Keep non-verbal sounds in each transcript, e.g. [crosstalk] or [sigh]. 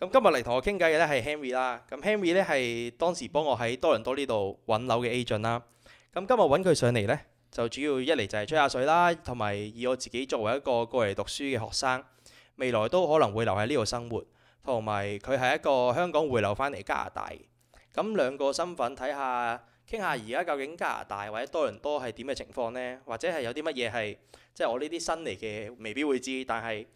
咁今日嚟同我傾偈嘅咧係 Henry 啦，咁 Henry 咧係當時幫我喺多倫多呢度揾樓嘅 agent 啦。咁今日揾佢上嚟呢，就主要一嚟就係吹下水啦，同埋以我自己作為一個過嚟讀書嘅學生，未來都可能會留喺呢度生活，同埋佢係一個香港回流翻嚟加拿大，咁兩個身份睇下，傾下而家究竟加拿大或者多倫多係點嘅情況呢，或者係有啲乜嘢係即係我呢啲新嚟嘅未必會知，但係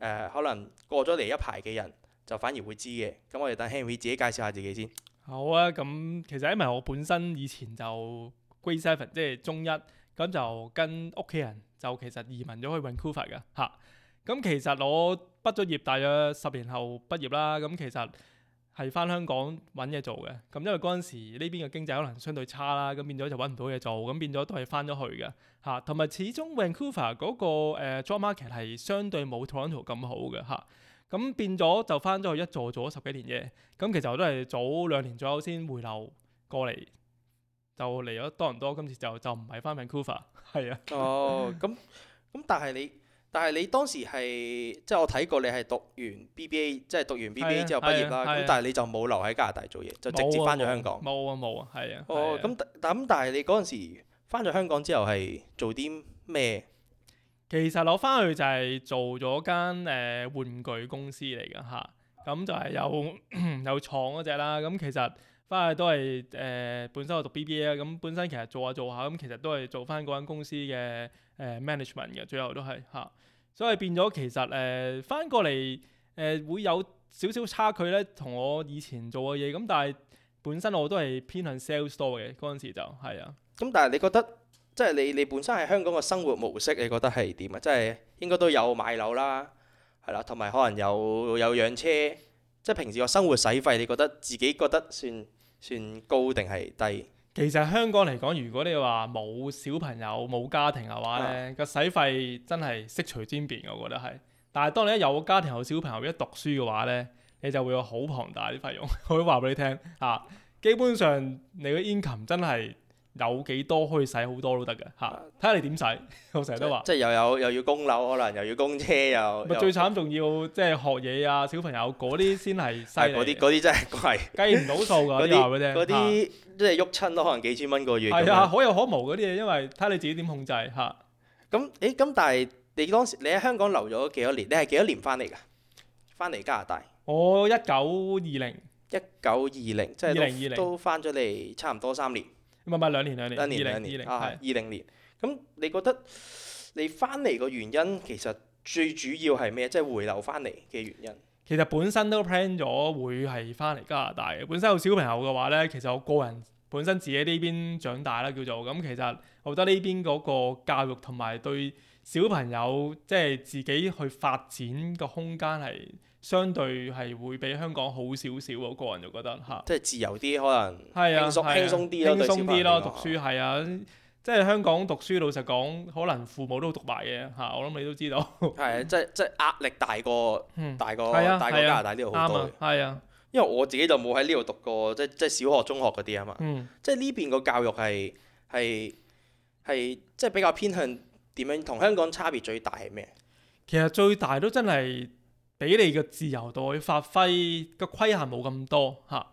誒可能過咗嚟一排嘅人，就反而會知嘅，咁我哋等 Henry 自己介紹下自己先。好啊，咁其實因為我本身以前就 Grade Seven，即係中一，咁就跟屋企人就其實移民咗去 Vancouver 嘅。吓、啊，咁其實我畢咗業，大約十年後畢業啦。咁其實係翻香港揾嘢做嘅。咁因為嗰陣時呢邊嘅經濟可能相對差啦，咁變咗就揾唔到嘢做，咁變咗都係翻咗去嘅吓，同、啊、埋始終溫哥華嗰個誒、呃、job market 係相對冇 Toronto 咁好嘅吓。啊咁變咗就翻咗去一座做咗十幾年嘢，咁其實我都係早兩年左右先回流過嚟，就嚟咗多倫多，今次就就唔係翻 Vancouver，係啊。哦，咁咁但係你，但係你當時係即係我睇過你係讀完 BBA，即係讀完 BBA 之後畢業啦，咁、啊啊啊、但係你就冇留喺加拿大做嘢，就直接翻咗香港。冇啊冇啊，係啊。啊啊哦，咁但咁但係你嗰陣時翻咗香港之後係做啲咩？其實攞翻去就係做咗間誒玩具公司嚟噶吓，咁、啊、就係有有廠嗰隻啦。咁、啊、其實翻去都係誒、呃、本身我讀 BBA 啦，咁、啊、本身其實做下做下，咁、啊、其實都係做翻嗰間公司嘅誒、呃、management 嘅，最後都係吓、啊。所以變咗其實誒翻、啊、過嚟誒、啊、會有少少差距咧，同我以前做嘅嘢。咁、啊、但係本身我都係偏向 sales 多嘅，嗰陣時就係啊。咁但係你覺得？即係你你本身喺香港嘅生活模式，你覺得係點啊？即係應該都有買樓啦，係啦，同埋可能有有養車。即係平時個生活使費，你覺得自己覺得算算高定係低？其實香港嚟講，如果你話冇小朋友冇家庭嘅話呢，個使、啊、費真係悉隨尊便、便。我覺得係。但係當你一有家庭有小朋友一讀書嘅話呢，你就會有好龐大啲費用。 [laughs] 我會話俾你聽嚇、啊，基本上你個 income 真係。有幾多可以使好多都得嘅吓，睇下你點使。我成日都話，即係又有又要供樓，可能又要供車，又咪最慘，仲要即係學嘢啊，小朋友嗰啲先係細。嗰啲嗰啲真係貴，計唔到數㗎嗰啲。嗰啲即係郁親都可能幾千蚊個月。係啊，可有可無嗰啲嘢，因為睇你自己點控制吓。咁誒咁，但係你當時你喺香港留咗幾多年？你係幾多年翻嚟㗎？翻嚟加拿大。我一九二零。一九二零，即係都都翻咗嚟，差唔多三年。唔係唔係，兩年兩年，一年兩年二零年。咁你覺得你翻嚟嘅原因其實最主要係咩？即係回流翻嚟嘅原因。其實本身都 plan 咗會係翻嚟加拿大嘅。本身有小朋友嘅話咧，其實我個人本身自己呢邊長大啦，叫做咁。其實我覺得呢邊嗰個教育同埋對。小朋友即係自己去發展個空間係相對係會比香港好少少喎，個人就覺得嚇。即係自由啲，可能輕鬆、啊、輕鬆啲咯，對小朋友。係啊，即係香港讀書，老實講，可能父母都好讀埋嘅嚇。我諗你都知道。係啊，即係即係壓力大過大過，嗯啊，大過加拿大呢度好多。係啊，啊啊因為我自己就冇喺呢度讀過，即係，即係，小學、中學嗰啲啊嘛。即係呢邊個教育係係係即係比較偏向。點樣同香港差別最大係咩？其實最大都真係俾你嘅自由度去發揮嘅規限冇咁多嚇，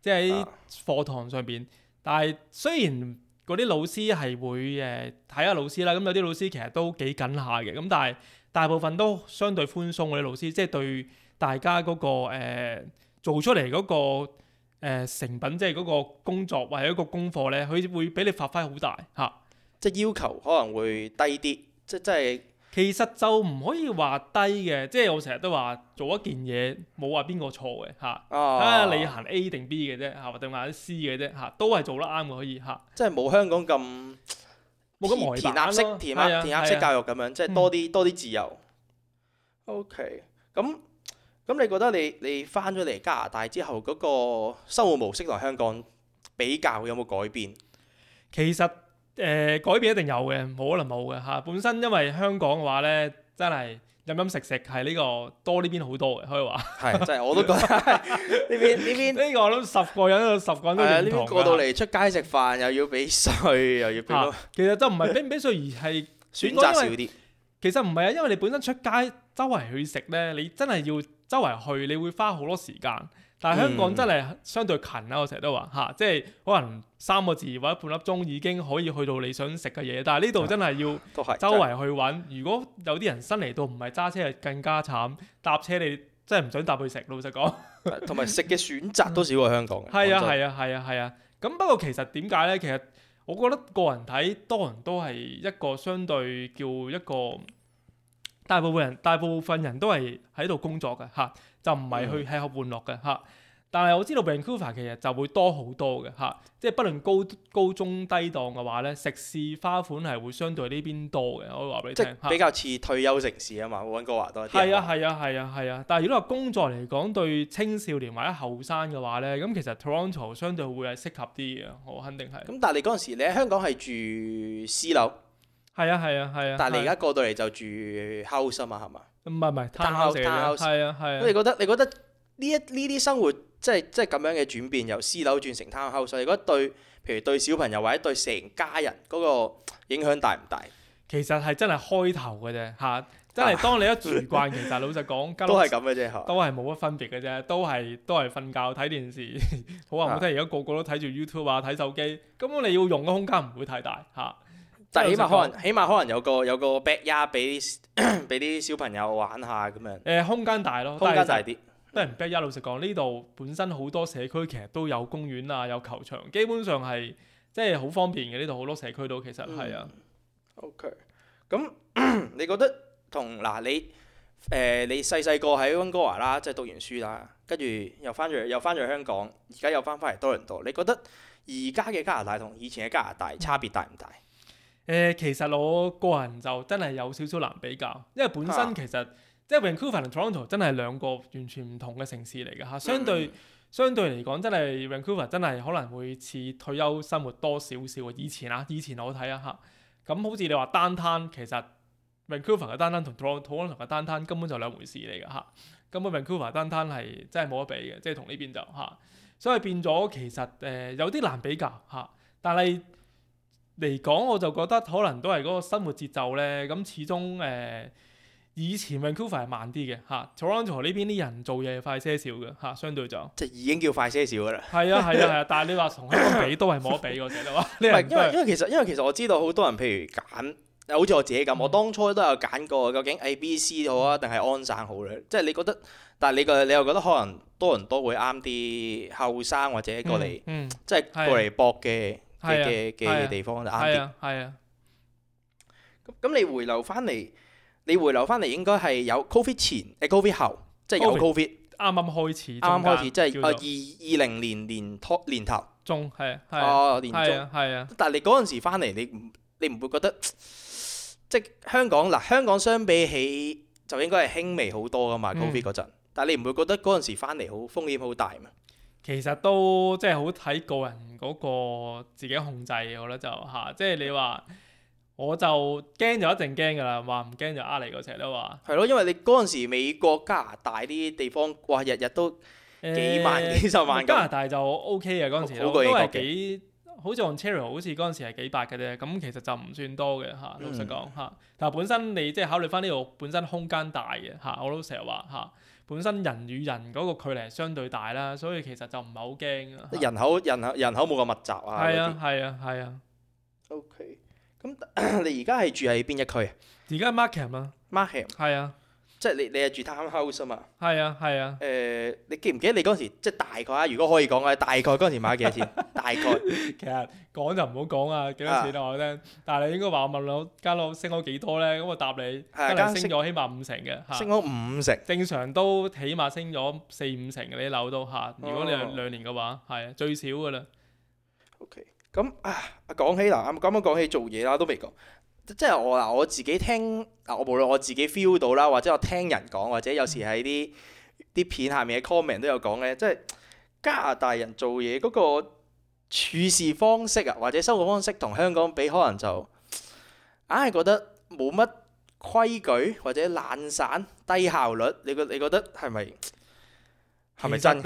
即喺課堂上邊。但係雖然嗰啲老師係會誒睇下老師啦，咁、嗯、有啲老師其實都幾緊下嘅，咁、嗯、但係大部分都相對寬鬆嗰啲老師，即係對大家嗰、嗰個、呃、做出嚟嗰、嗰個、呃、成品，即係嗰個工作或者嗰個功課呢，佢會俾你發揮好大嚇。即係要求可能會低啲，即即係其實就唔可以話低嘅，即係我成日都話做一件嘢冇話邊個錯嘅嚇、啊啊啊，啊你行 A 定 B 嘅啫，嚇定話啲 C 嘅啫嚇，都係做得啱嘅可以嚇。即係冇香港咁冇咁填鴨式，填鴨填鴨式教育咁的樣，的即係多啲、嗯、多啲自由。OK，咁咁你覺得你你翻咗嚟加拿大之後嗰、嗰個生活模式同香港比較有冇改變？其實。誒、呃、改變一定有嘅，冇可能冇嘅嚇。本身因為香港嘅話咧，真係飲飲食食係呢、呢個多呢邊好多嘅，可以話係真係我都覺得呢 [laughs] 邊呢 [laughs] 邊呢 [laughs] 個我諗十個人十個人都認同啊。過到嚟出街食飯又要俾稅，又要俾、啊、其實都唔係俾唔俾稅而係 [laughs] 選擇少啲。其實唔係啊，因為你本身出街周圍去食咧，你真係要周圍去，你會花好多時間。但係香港真係相對近啦、啊，我成日都話嚇、啊，即係可能三個字或者半粒鐘已經可以去到你想食嘅嘢。但係呢度真係要周圍去揾。如果有啲人新嚟到，唔係揸車係更加慘，搭車你真係唔想搭去食。老實講，同埋食嘅選擇都少過香港。係啊係啊係啊係啊！咁、啊啊啊啊啊、不過其實點解呢？其實我覺得個人睇，多人都係一個相對叫一個大部分人大部分人都係喺度工作嘅嚇，啊就唔係去吃喝玩樂嘅嚇，嗯、但係我知道 Vancouver 其實就會多好多嘅嚇，嗯、即係不論高高中低檔嘅話咧，食肆花款係會相對呢邊多嘅，我會話俾你聽。比較似退休城市啊嘛，溫哥華多啲。係啊係啊係啊係啊，但係如果話工作嚟講對青少年或者後生嘅話咧，咁其實 Toronto 相對會係適合啲嘅，我肯定係。咁但係你嗰陣時你喺香港係住私樓。係啊係啊係啊！但係你而家過到嚟就住 house 啊嘛，係嘛？唔係唔係，townhouse，係啊係。咁你覺得你覺得呢一呢啲生活即係即係咁樣嘅轉變，由私樓轉成 townhouse，你覺得對，譬如對小朋友或者對成家人嗰個影響大唔大？其實係真係開頭嘅啫，吓！真係當你一住慣，其實老實講，都係咁嘅啫，都係冇乜分別嘅啫，都係都係瞓覺睇電視，好話唔好聽？而家個個都睇住 YouTube 啊，睇手機，咁我你要用嘅空間唔會太大吓。但係起碼可能，起碼可能有個有個 back yard 俾俾啲小朋友玩下咁樣，誒空間大咯，空間大啲，都係唔 back yard。老實講，呢度本身好多社區其實都有公園啊，有球場，基本上係即係好方便嘅。呢度好多社區都其實係啊、嗯。OK，咁、嗯嗯、你覺得同嗱、呃、你誒、呃、你細細個喺温哥華啦，即、就、係、是、讀完書啦，跟住又翻咗又翻咗香港，而家又翻翻嚟多倫多，你覺得而家嘅加拿大同以前嘅加拿大差別大唔大？誒，其實我個人就真係有少少難比較，因為本身其實哈即係 Vancouver 同 Toronto 真係兩個完全唔同嘅城市嚟㗎嚇。相對嗯嗯相對嚟講，真係 Vancouver 真係可能會似退休生活多少少。以前啊，以前我睇啊嚇，咁好似你話單攤，其實 Vancouver 嘅單攤同 Toronto 嘅單攤根本就兩回事嚟㗎嚇。咁 Vancouver 單攤係真係冇得比嘅，即係同呢邊就嚇、啊。所以變咗其實誒、呃、有啲難比較嚇、啊，但係，嚟講我就覺得可能都係嗰個生活節奏咧，咁始終誒、呃、以前 Vancouver 係慢啲嘅嚇，Toronto 呢邊啲人做嘢快些少嘅嚇、啊，相對就即係已經叫快些少㗎啦。係 [laughs] 啊係啊係啊，但係你話同香港比都係冇得比嘅，我覺得因為因為，因為，因為其實因為其實我知道好多人譬如揀，好似我自己咁，嗯、我當初都有揀過，究竟 ABC 好啊定係安省好咧、啊？即係你覺得，但係你個你又覺得可能多倫多會啱啲後生或者過嚟、嗯，即係過嚟搏嘅。嘅嘅地方就啱啲，係啊，咁、啊啊啊啊、你回流翻嚟，你回流翻嚟應該係有 covid 前，誒、呃、covid 後，即係有 COVID, covid 啱啱開始，啱啱開始，即係誒二二零年年初年頭，年頭中係，啊啊、哦年中係啊，啊但係你嗰陣時翻嚟，你唔你唔會覺得，即係香港嗱、呃，香港相比起就應該係輕微好多㗎嘛 covid 嗰陣、嗯，但係你唔會覺得嗰陣時翻嚟好風險好大嘛。其實都即係好睇個人嗰個自己控制，嘅。我覺得就嚇、啊，即係你話我就驚就一陣驚㗎啦，話唔驚就呃你嗰隻啦話。係咯，因為你嗰陣時美國加拿大啲地方哇日日都幾萬、欸、幾十萬。加拿大就 OK 嘅嗰陣時都，都係幾，好似 Andrew 好似嗰陣時係幾百嘅啫，咁其實就唔算多嘅嚇、啊。老實講嚇，啊嗯、但係本身你即係考慮返呢度本身空間大嘅嚇、啊，我都成日話嚇。啊。本身人與人嗰個距離係相對大啦，所以其實就唔係好驚嘅。人口人口人口冇咁密集啊。係啊係啊係啊。OK，咁你而家係住喺邊一區啊？而家 Markham 啊。Markham。係啊，即係你你係住 townhouse 啊嘛。係啊係啊。誒、呃，你記唔記得你嗰時即係大概？如果可以講嘅，大概嗰時買幾多錢？ [laughs] 大概其實講就唔好講啊，幾多錢啦我聽。但係你應該話我問我間屋升咗幾多咧？咁我答你，間屋升咗起碼五成嘅，升咗五成，正常都起碼升咗四五成嘅你樓都嚇。如果你兩兩年嘅話，係最少嘅啦。OK，咁啊，講起嗱，咁講起做嘢啦，都未講，即係我嗱我自己聽嗱，我無論我自己 feel 到啦，或者我聽人講，或者有時喺啲啲片下面嘅 comment 都有講咧，即係加拿大人做嘢嗰個。處事方式啊，或者生活方式同香港比，可能就硬係覺得冇乜規矩或者懶散低效率。你覺你覺得係咪係咪真？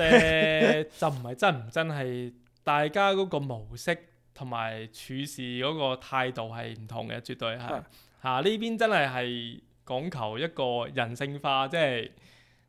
[laughs] 就唔係真唔真係，大家嗰個模式同埋處事嗰個態度係唔同嘅，絕對係嚇，呢邊真係係講求一個人性化，即係。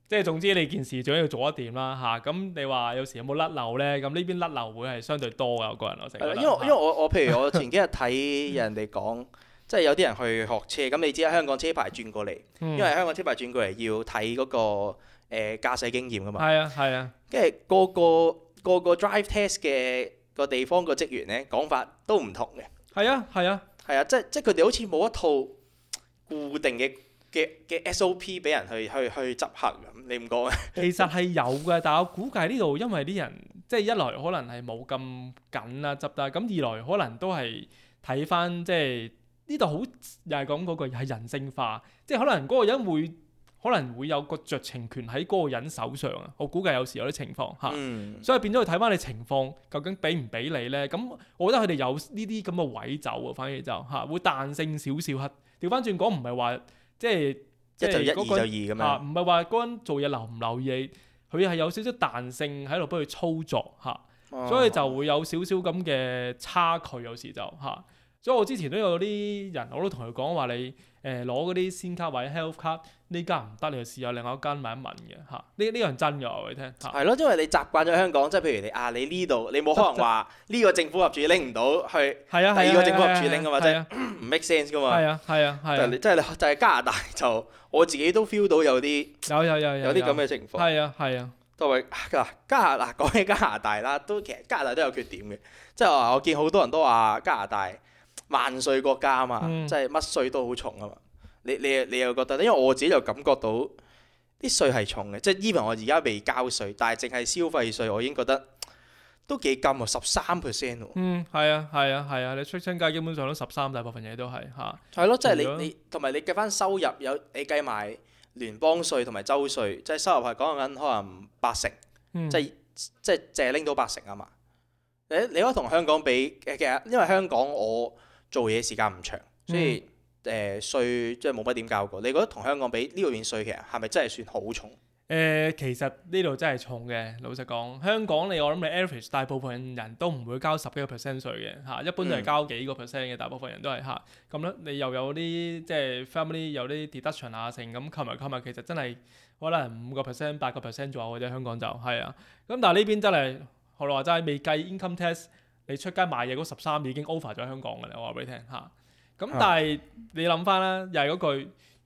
即係總之你件事最緊要做得掂啦嚇，咁、啊嗯、你話有時有冇甩漏呢？咁呢邊甩漏會係相對多噶，我個人我成。因為、啊、因為我我譬如我前幾日睇人哋講， [laughs] 即係有啲人去學車，咁你知香港車牌轉過嚟，因為香港車牌轉過嚟要睇嗰、那個誒、呃、駕駛經驗噶嘛。係啊係啊，跟住個個個個 drive test 嘅個地方個職員呢，講法都唔同嘅。係、嗯、啊係啊係啊，啊，啊，啊，即係即係佢哋好似冇一套固定嘅。嘅 SOP 俾人去去去執行咁，你唔講其實係有嘅，但係我估計呢度因為啲人即係一來可能係冇咁緊啦執得，咁二來可能都係睇翻即係呢度好又係講嗰句係人性化，即係可能嗰個人會可能會有個酌情權喺嗰個人手上啊。我估計有時有啲情況嚇、嗯啊，所以變咗去睇翻你情況究竟俾唔俾你呢。咁、啊、我覺得佢哋有呢啲咁嘅位走啊，反而就嚇會彈性少少黑。調翻轉講唔係話。即係即係嗰個人一一二二啊，唔係話嗰個人做嘢留唔留意，佢係有少少彈性喺度幫佢操作嚇，啊哦、所以就會有少少咁嘅差距，有時就嚇。啊所以我之前都有啲人，我都同佢講話你誒攞嗰啲先卡或者 health 卡呢間唔得，你去試下另外一間問一問嘅嚇。呢呢樣真嘅，我哋聽。係咯，因為你習慣咗香港，即係譬如你啊，你呢度你冇可能話呢個政府合署拎唔到去第二個政府合署拎㗎嘛，即係唔 make sense 㗎嘛。係啊係啊，就係你即係就係加拿大就我自己都 feel 到有啲有有有有啲咁嘅情況。係啊係啊，同埋嗱加嗱講起加拿大啦，都其實加拿大都有缺點嘅，即係我見好多人都話加拿大。萬稅，國家啊嘛，嗯、即係乜稅都好重啊嘛。你你你又覺得？因為我自己就感覺到啲稅係重嘅，即係 even 我而家未交稅，但係淨係消費稅，我已經覺得都幾金喎，十三 percent 喎。啊、嗯，係啊，係啊，係啊，你出親街基本上都十三，大部分嘢都係嚇。係、啊、咯，即係你果你同埋你計返收入有你計埋聯邦稅同埋州稅，即係收入係講緊可能八成，嗯、即係即係淨係拎到八成啊嘛。誒，你可同香港比誒，其實因為香港我。做嘢時間唔長，所以誒稅、嗯呃、即係冇乜點交過。你覺得同香港比呢度嘅稅其實係咪真係算好重？誒、呃，其實呢度真係重嘅。老實講，香港你我諗你 average 大部分人都唔會交十幾個 percent 稅嘅嚇，一般都係交幾個 percent 嘅。嗯、大部分人都係嚇。咁、啊、咧，你又有啲即係 family 有啲 deduction 啊，剩咁扣埋扣埋，其實真係可能五個 percent、八個 percent 左右嘅啫。香港就係啊。咁但係呢邊真係何來話真係未計 income tax 你出街買嘢嗰十三已經 over 咗香港嘅咧，我話俾你聽嚇。咁、啊、但係你諗翻啦，又係嗰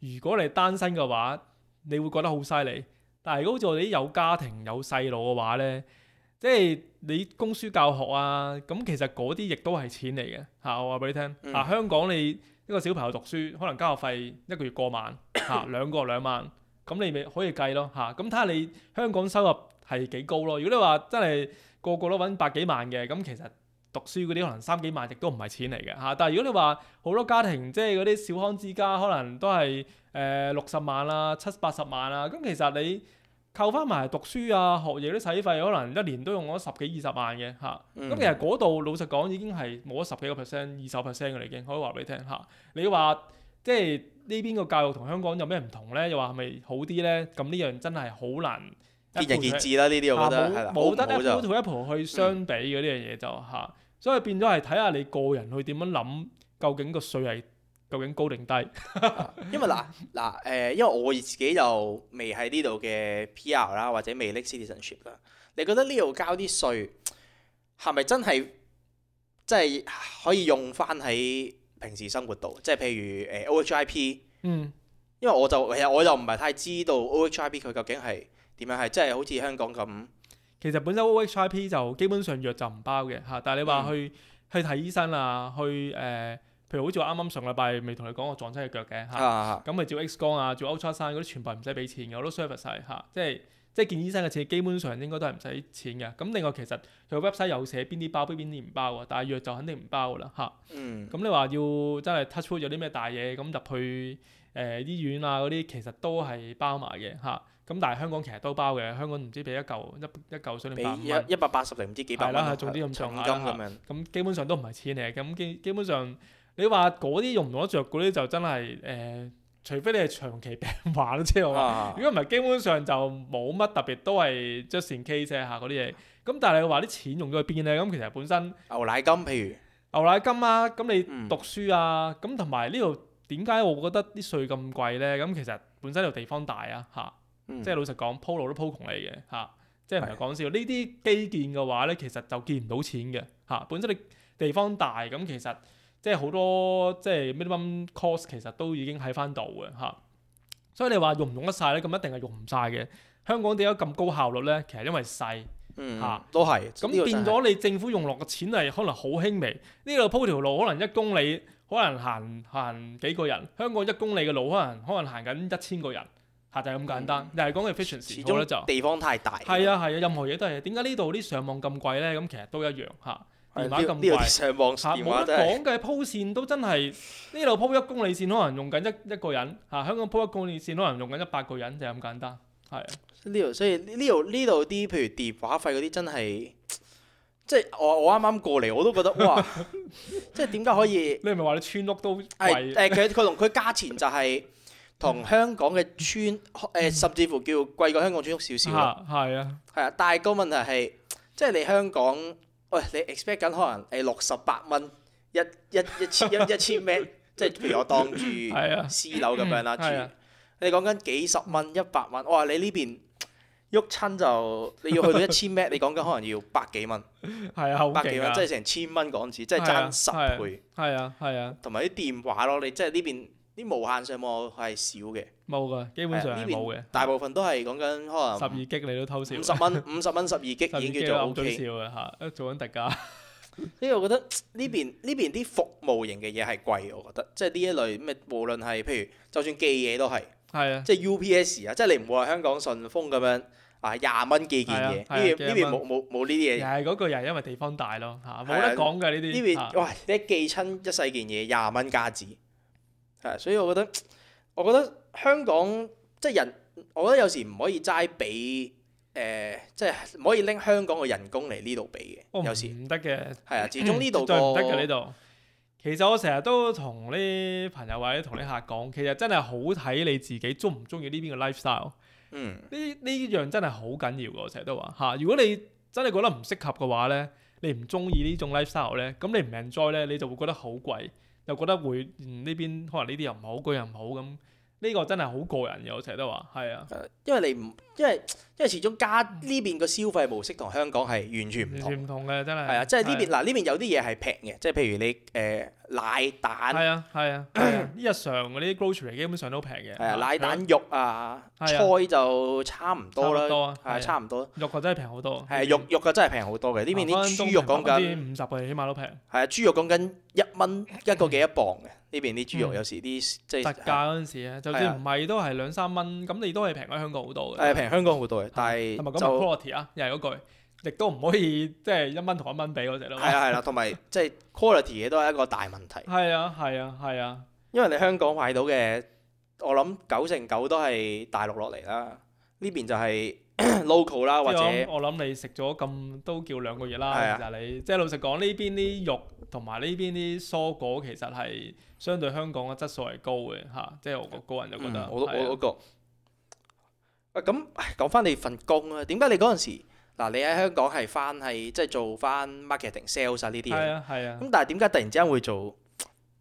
句，如果你單身嘅話，你會覺得好犀利。但係如果好似我哋啲有家庭有細路嘅話咧，即係你供書教學啊，咁其實嗰啲亦都係錢嚟嘅嚇。我話俾你聽，啊香港你一個小朋友讀書，可能交學費一個月過萬嚇、啊，兩個兩萬，咁你咪可以計咯嚇。咁睇下你香港收入係幾高咯。如果你話真係個個都揾百幾萬嘅，咁其實讀書嗰啲可能三幾萬亦都唔係錢嚟嘅嚇，但係如果你話好多家庭即係嗰啲小康之家，可能都係誒六十萬啦、啊、七八十萬啦、啊，咁其實你扣翻埋讀書啊、學嘢啲使費，可能一年都用咗十幾二十萬嘅嚇，咁、嗯、其實嗰度老實講已經係冇咗十幾個 percent、二十 percent 嘅啦已經，可以話俾你聽嚇。你話即係呢邊個教育同香港有咩唔同呢？又話係咪好啲呢？咁呢樣真係好難。見仁見智啦，呢啲、啊、我覺得係啦，冇得冇得 compare 去相比嗰啲樣嘢就吓，所以變咗係睇下你個人去點樣諗，究竟個稅係究竟高定低。因為嗱嗱，誒，因為我自己又未喺呢度嘅 PR 啦，或者未拎 citizenship 啦，你覺得呢度交啲稅係咪真係即係可以用翻喺平時生活度？即係譬如誒、啊、OHIP，嗯，因為我就其實我又唔係太知道 OHIP 佢究竟係。點樣係？真係好似香港咁？其實本身 O H I P 就基本上藥就唔包嘅嚇。但係你話去、嗯、去睇醫生啊，去誒、呃，譬如好似我啱啱上個禮拜未同你講我撞親隻腳嘅嚇，咁咪、啊啊、照 X 光啊，照超聲嗰啲全部唔使俾錢嘅，我都 service 曬嚇。即係即係見醫生嘅錢基本上應該都係唔使錢嘅。咁另外其實佢 website 有寫邊啲包邊啲唔包啊。但係藥就肯定唔包㗎啦嚇。咁、啊嗯啊、你話要真係 touch 到有啲咩大嘢咁入去誒、呃、醫院啊嗰啲，其實都係包埋嘅嚇。啊。咁但係香港其實都包嘅，香港唔知俾一嚿一一嚿水你百一百八十零唔知幾百，係啦，中啲咁長金咁基本上都唔係錢嚟嘅，咁基基本上你話嗰啲用唔用得着，嗰啲就真係誒、呃，除非你係長期病患啦，即係我話，如果唔係，啊、基本上就冇乜特別，都係 just in case 嗰啲嘢。咁但係你話啲錢用咗去邊咧？咁其實本身牛奶金譬如牛奶金啊，咁你讀書啊，咁同埋呢度點解我覺得啲稅咁貴咧？咁其實本身呢度地方大啊，嚇、啊。即係、嗯、老實講，鋪路都鋪窮你嘅嚇，即係唔係講笑？呢啲是的 基建嘅話咧，其實就見唔到錢嘅嚇、啊。本身你地方大，咁其實即係好多即係 minimum cost，其實都已經喺返度嘅嚇。所以你話用唔用得晒咧？咁一定係用唔晒嘅。香港點解咁高效率咧？其實因為細嚇，都係。咁變咗你政府用落嘅錢係可能好輕微。呢度鋪條路可能一公里可能行行幾個人，香港一公里嘅路可能可能行緊一千個人。下就係咁簡單，但係、嗯、講嘅 efficiency 始終 我覺得就地方太大、啊。係啊係啊，任何嘢都係。點解呢度啲上網咁貴咧？咁其實都一樣嚇，電話咁貴嚇，冇得講嘅，鋪線都真係呢度鋪一公里線可能用緊一一個人嚇，香港鋪一公里線可能用緊一百個人就係、是、咁簡單。係。呢度所以呢度呢度啲譬如電話費嗰啲真係，即係我我啱啱過嚟我都覺得哇，嘩 [laughs] 即係點解可以？你唔係話你村屋都貴？誒佢佢同佢價錢就係、是。 [laughs] 同香港嘅村，誒，甚至乎叫貴過香港村屋少少啊。啊，係啊，但係個問題係，即係你香港，喂，你 expect 緊可能誒六十八蚊一一一千一一千呎，即係譬如我當住私樓咁樣啦住。你講緊幾十蚊、一百蚊，哇！你呢邊喐親就你要去到一千呎，你講緊可能要百幾蚊，係啊，百幾蚊即係成千蚊港紙，即係爭十倍。係啊，係啊，同埋啲電話咯，你即係呢邊。啲無限上網係少嘅，冇㗎，基本上呢邊大部分都係講緊可能十二 G 你都偷笑。五十蚊五十蚊十二 G 已經叫做 O K 啦嚇，做緊特價。因為我覺得呢邊呢邊啲服務型嘅嘢係貴，我覺得即係呢一類咩，無論係譬如就算寄嘢都係，係啊，即係 U P S 啊，即係你唔好話香港順豐咁樣啊，廿蚊寄件嘢，呢邊呢邊冇冇冇呢啲嘢。係嗰個又係因為地方大咯嚇，冇得講㗎呢啲。呢邊哇，你寄親一細件嘢廿蚊加紙。係，所以我覺得，我覺得香港即係人，我覺得有時唔可以齋俾誒，即係唔可以拎香港嘅人工嚟呢度俾嘅。有時我唔得嘅，係啊、嗯，始終呢度都唔得嘅呢度。個其實我成日都同啲朋友或者同啲客講，其實真係好睇你自己中唔中意呢邊嘅 lifestyle。嗯，呢呢樣真係好緊要嘅。我成日都話嚇，如果你真係覺得唔適合嘅話咧，你唔中意呢種 lifestyle 咧，咁你唔 enjoy 咧，你就會覺得好貴。又覺得會呢邊可能呢啲又唔好，好個,嗰樣唔好咁，呢個真係好個人嘅，我成日都話係啊因，因為你唔，因為因為始終加呢邊個消費模式同香港係完全唔同，唔同嘅真係係啊，即係呢邊嗱呢、啊、邊有啲嘢係平嘅，即係譬如你誒。呃奶蛋係啊係啊，日常嗰啲 grocery 基本上都平嘅。係奶蛋肉啊，菜就差唔多啦。差唔多啊，係差唔多。肉啊，真係平好多。係肉肉啊，真係平好多嘅，呢邊啲豬肉講緊五十個起碼都平。係啊，豬肉講緊一蚊一個幾一磅嘅，呢邊啲豬肉有時啲即係特價嗰陣時啊，就算唔係都係兩三蚊，咁你都係平過香港好多嘅。係平香港好多嘅，但係同咪咁嘅 quality 啊，又係嗰句。亦都唔可以即係一蚊同一蚊比我食咯。係啊係啦，同埋即係 quality 嘅都係一個大問題。係啊係啊係啊，啊啊啊因為你香港買到嘅，我諗九成九都係大陸落嚟啦。呢邊就係、是、local [coughs] 啦，或者我諗你食咗咁都叫兩個月啦，啊、其實你即係老實講呢邊啲肉同埋呢邊啲蔬果，其實係相對香港嘅質素係高嘅吓、啊，即係我、那個人就咁覺得，嗯、我都我都覺。咁，講翻你份工啊，點解、那個、你嗰陣時？嗱，你喺香港係翻係即係做翻 marketing sales 啊呢啲嘢，係啊係啊。咁但係點解突然之間會做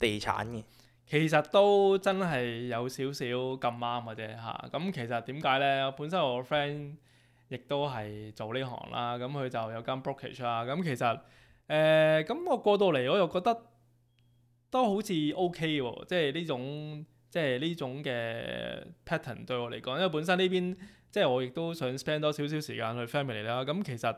地產嘅？其實都真係有少少咁啱嘅啫吓，咁其實點解咧？本身我個 friend 亦都係做呢行啦，咁佢就有間 brokerage 啊。咁其實誒，咁我過到嚟我又覺得都好似 OK 喎，即係呢種。即係呢種嘅 pattern 對我嚟講，因為本身呢邊即係我亦都想 spend 多少少時間去 family 啦。咁、嗯、其實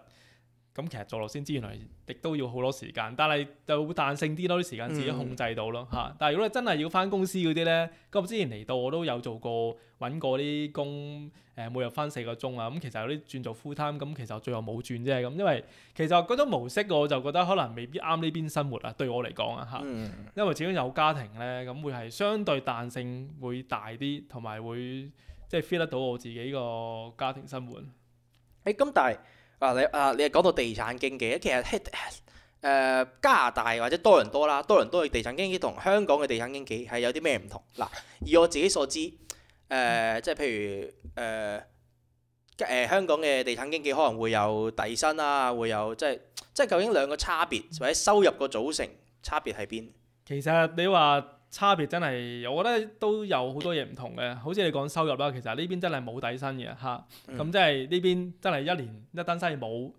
咁其實做落先知，原來亦都要好多時間，但係就會彈性啲咯，啲時間自己控制到咯嚇。嗯、但係如果你真係要翻公司嗰啲呢，我之前嚟到我都有做過揾過啲工，誒、呃、每日翻四個鐘啊。咁、嗯、其實有啲轉做 full time，咁其實我最後冇轉啫咁，因為其實嗰種模式我就覺得可能未必啱呢邊生活啊，對我嚟講啊嚇。嗯、因為始終有家庭呢，咁會係相對彈性會大啲，同埋會即係 feel 得到我自己個家庭生活。誒咁、欸，但係。啊你啊你係講到地產經紀，其實喺、呃、加拿大或者多倫多啦，多倫多嘅地產經紀同香港嘅地產經紀係有啲咩唔同？嗱、啊，以我自己所知，誒、呃、即係譬如誒誒、呃呃、香港嘅地產經紀可能會有底薪啦，會有即係即係究竟兩個差別或者收入個組成差別喺邊？其實你話。差別真係，我覺得都有好多嘢唔同嘅。好似你講收入啦，其實呢邊真係冇底薪嘅嚇。咁、嗯啊、即係呢邊真係一年一單生意冇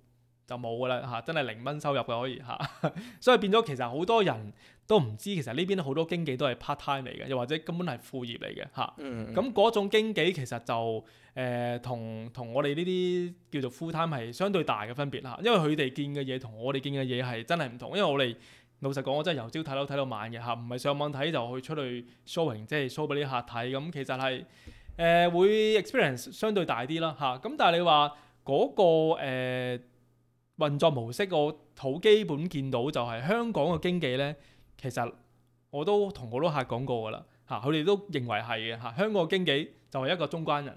就冇㗎啦嚇，真係零蚊收入嘅可以嚇、啊。所以變咗其實好多人都唔知，其實呢邊好多經紀都係 part time 嚟嘅，又或者根本係副業嚟嘅嚇。咁、啊、嗰、嗯啊、種經紀其實就誒同同我哋呢啲叫做 full time 係相對大嘅分別嚇、啊，因為佢哋見嘅嘢同我哋見嘅嘢係真係唔同，因為我哋。老實講，我真係由朝睇樓睇到晚嘅吓，唔係上網睇就去出去 showing，即係 show 俾啲客睇。咁其實係誒、呃、會 experience 相對大啲啦吓。咁、啊、但係你話嗰個誒運作模式，我好基本見到就係香港嘅經紀呢，其實我都同好多客講過噶啦吓，佢哋都認為係嘅吓。香港嘅經紀就係一個中關人。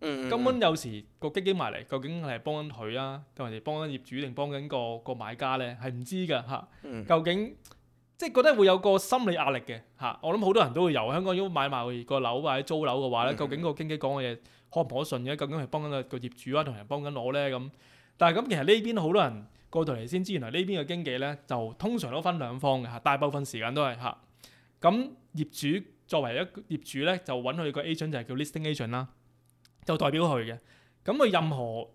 根本有時個經紀埋嚟，究竟係幫緊佢啊，定係幫緊業主定幫緊個個買家咧，係唔知㗎嚇、啊。究竟即係覺得會有個心理壓力嘅嚇、啊。我諗好多人都會有。香港如果買埋個樓或者租樓嘅話咧，究竟個經紀講嘅嘢可唔可信嘅、啊？究竟係幫緊個個業主啊，同人幫緊攞咧咁。但係咁其實呢邊好多人過到嚟先知，原來呢邊嘅經紀咧就通常都分兩方嘅嚇。大部分時間都係嚇，咁業主作為一個業主咧，就揾佢個 agent 就係叫 listing agent 啦。就代表佢嘅，咁佢任何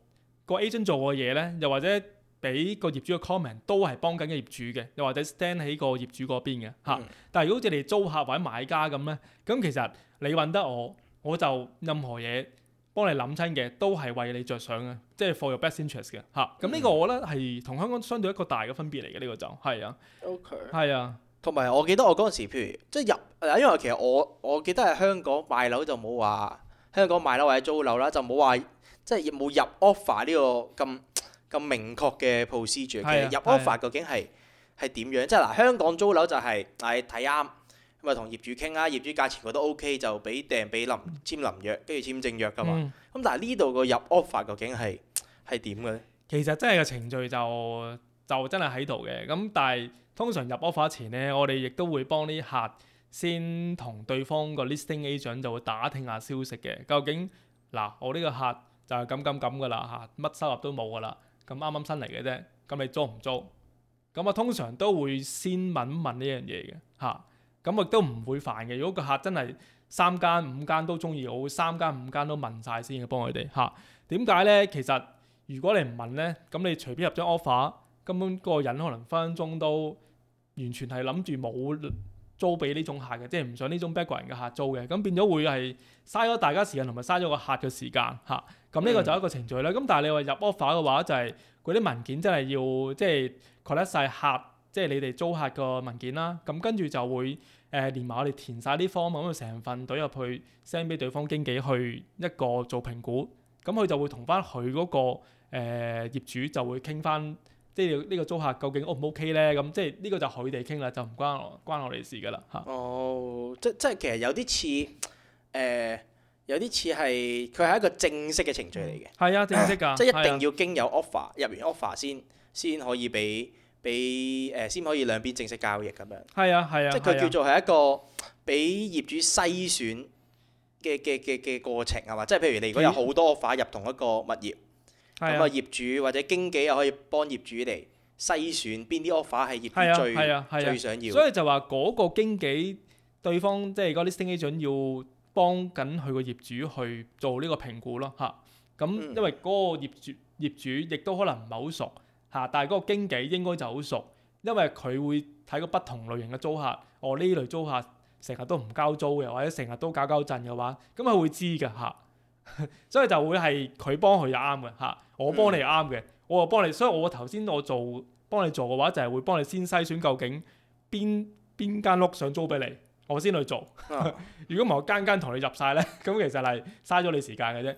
個 agent 做嘅嘢咧，又或者俾個業主嘅 comment 都係幫緊個業主嘅，又或者 stand 喺個業主嗰邊嘅嚇。嗯、但係如果好似你租客或者買家咁咧，咁其實你揾得我，我就任何嘢幫你諗親嘅，都係為你着想嘅，即、就、係、係、for your best interest 嘅嚇。咁呢、嗯、個我咧係同香港相對一個大嘅分別嚟嘅，呢、呢個就係啊，OK，係啊，同埋 Okay.、啊、我記得我嗰陣時，譬如即係入，因為其實我我記得喺香港賣樓就冇話。香港買樓或者租樓啦，就冇話即係冇入 offer 呢個咁咁明確嘅 p o s e 住的。其 r 入 offer 的究竟係係點樣？即係嗱，香港租樓就係係睇啱咁啊，同業主傾啦，業主價錢覺得 OK 就俾訂俾林，簽林約，跟住簽正約㗎嘛。咁、嗯、但係呢度個入 offer 究竟係係點嘅咧？其實真係個程序就就真係喺度嘅。咁但係通常入 offer 前咧，我哋亦都會幫啲客。先同對方個 listing agent 就會打聽下消息嘅，究竟嗱我呢個客就係咁咁咁噶啦嚇，乜收入都冇噶啦，咁啱啱新嚟嘅啫，咁你租唔租？咁啊通常都會先問一問呢樣嘢嘅嚇，咁亦都唔會煩嘅。如果個客真係三間五間都中意，我會三間五間都問晒先去幫佢哋嚇。點解咧？其實如果你唔問咧，咁你隨便入張 offer，根本嗰個人可能分分鐘都完全係諗住冇。租俾呢種客嘅，即係唔想呢種 background、er、嘅客租嘅，咁變咗會係嘥咗大家時間同埋嘥咗個客嘅時間嚇。咁呢個就係一個程序啦。咁、嗯、但係你入話入 offer 嘅話，就係嗰啲文件真係要即係 collect 曬客，即係你哋租客個文件啦。咁跟住就會誒、呃、連埋我哋填晒啲 form 咁成份懟入去 send 俾對方經紀去一個做評估。咁佢就會同翻佢嗰個誒、呃、業主就會傾翻。呢個呢個租客究竟 O 唔 O K 咧？咁即係呢個就佢哋傾啦，就唔關我關我哋事噶啦嚇。哦，即即係其實有啲似誒，有啲似係佢係一個正式嘅程序嚟嘅。係啊，正式㗎，即係一定要經有 offer 係啊，入完 offer 先、呃，先可以俾俾誒，先可以兩邊正式交易咁樣。係啊，係啊，即係佢叫做係一個俾業主篩選嘅嘅嘅嘅過程啊嘛。即係譬如你如果有好多 offer 入同一個物業。咁啊，業主或者經紀又可以幫業主嚟篩選邊啲 offer 係業主最最想要。所以就話嗰個經紀對方即係嗰啲 listing agent 要幫緊佢個業主去做呢個評估咯，嚇。咁因為嗰個業主業主亦都可能唔係好熟嚇，但係嗰個經紀應該就好熟，因為佢會睇個不同類型嘅租客，哦呢類租客成日都唔交租嘅，或者成日都搞搞震嘅話，咁佢會知㗎嚇。 [laughs] 所以就會係佢幫佢就啱嘅嚇，嗯、我幫你又啱嘅，我又幫你。所以我頭先我做幫你做嘅話，就係、是、會幫你先篩選究竟邊邊間屋想租俾你，我先去做。啊、 [laughs] 如果唔係我間間同你入晒呢，咁其實係嘥咗你時間嘅啫。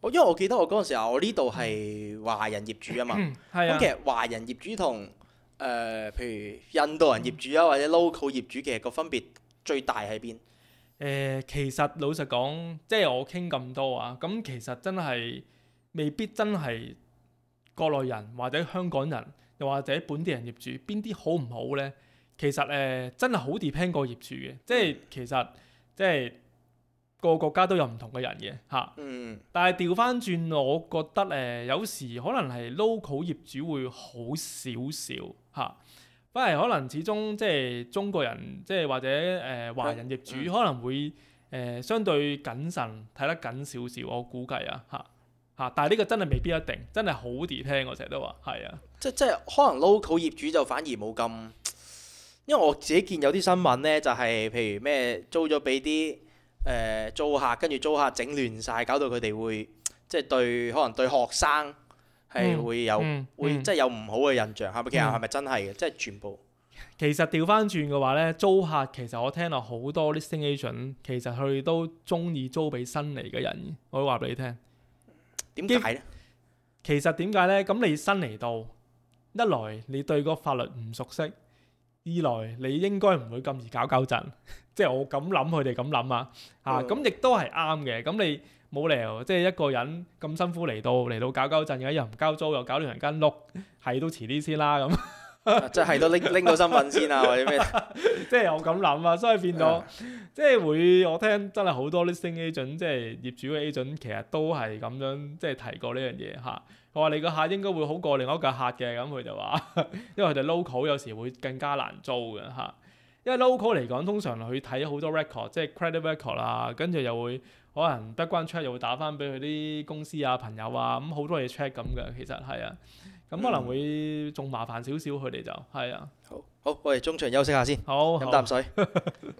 我因為我記得我嗰陣時啊，我呢度係華人業主啊嘛。咁、嗯、其實華人業主同誒、呃、譬如印度人業主啊、嗯、或者 local 業主其實個分別最大喺邊？誒、呃、其實老實講，即係我傾咁多啊，咁其實真係未必真係國內人或者香港人，又或者本地人業主邊啲好唔好呢？其實誒真係好 depend 個業主嘅，即係其實即係個個國家都有唔同嘅人嘅嚇。但係調翻轉，我覺得誒有時可能係 local 業主會好少少嚇。不係，可能始終即係中國人，即係或者誒華人業主可能會誒相對謹慎睇、嗯嗯、得緊少少，我估計啊嚇嚇，但係呢個真係未必一定，真係好 detail 我成日都話係啊，即即係可能 local 業主就反而冇咁，因為我自己見有啲新聞咧，就係、是、譬如咩租咗俾啲誒租客，跟住租客整亂晒，搞到佢哋會即係對可能對學生。係會有，會即係有唔好嘅印象，係咪？其實係咪真係嘅？即係全部。其實調翻轉嘅話咧，租客其實我聽落好多 listing agent，其實佢都中意租俾新嚟嘅人，我都話俾你聽。點解咧？其實點解咧？咁你新嚟到，一來你對個法律唔熟悉，二來你應該唔會咁易搞搞震。即係我咁諗，佢哋咁諗啊！啊，咁亦都係啱嘅。咁你。冇理由，即係一個人咁辛苦嚟到嚟到搞搞震，而又唔交租又搞亂人間碌，係 [laughs] [laughs] 都遲啲先啦咁。 [laughs] [laughs] 即係都拎拎到身份先啊，或者咩？即係我咁諗啊，所以變咗 [laughs] 即係會我聽真係好多 listing agent，即係業主嘅 agent，其實都係咁樣即係提過呢樣嘢嚇。我、啊、話你個客應該會好過另外一個客嘅，咁佢就話、啊、因為佢哋 local 有時會更加難租嘅嚇、啊，因為 local 嚟講通常佢睇好多 record，即係 credit record 啦、啊，跟住又會。可能不慣 check 又會打翻俾佢啲公司啊、朋友啊，咁好、嗯、多嘢 check 咁嘅，其實係啊，咁、嗯、可能會仲麻煩少少佢哋就係啊，好，好，我哋中場休息下先，好，飲啖水。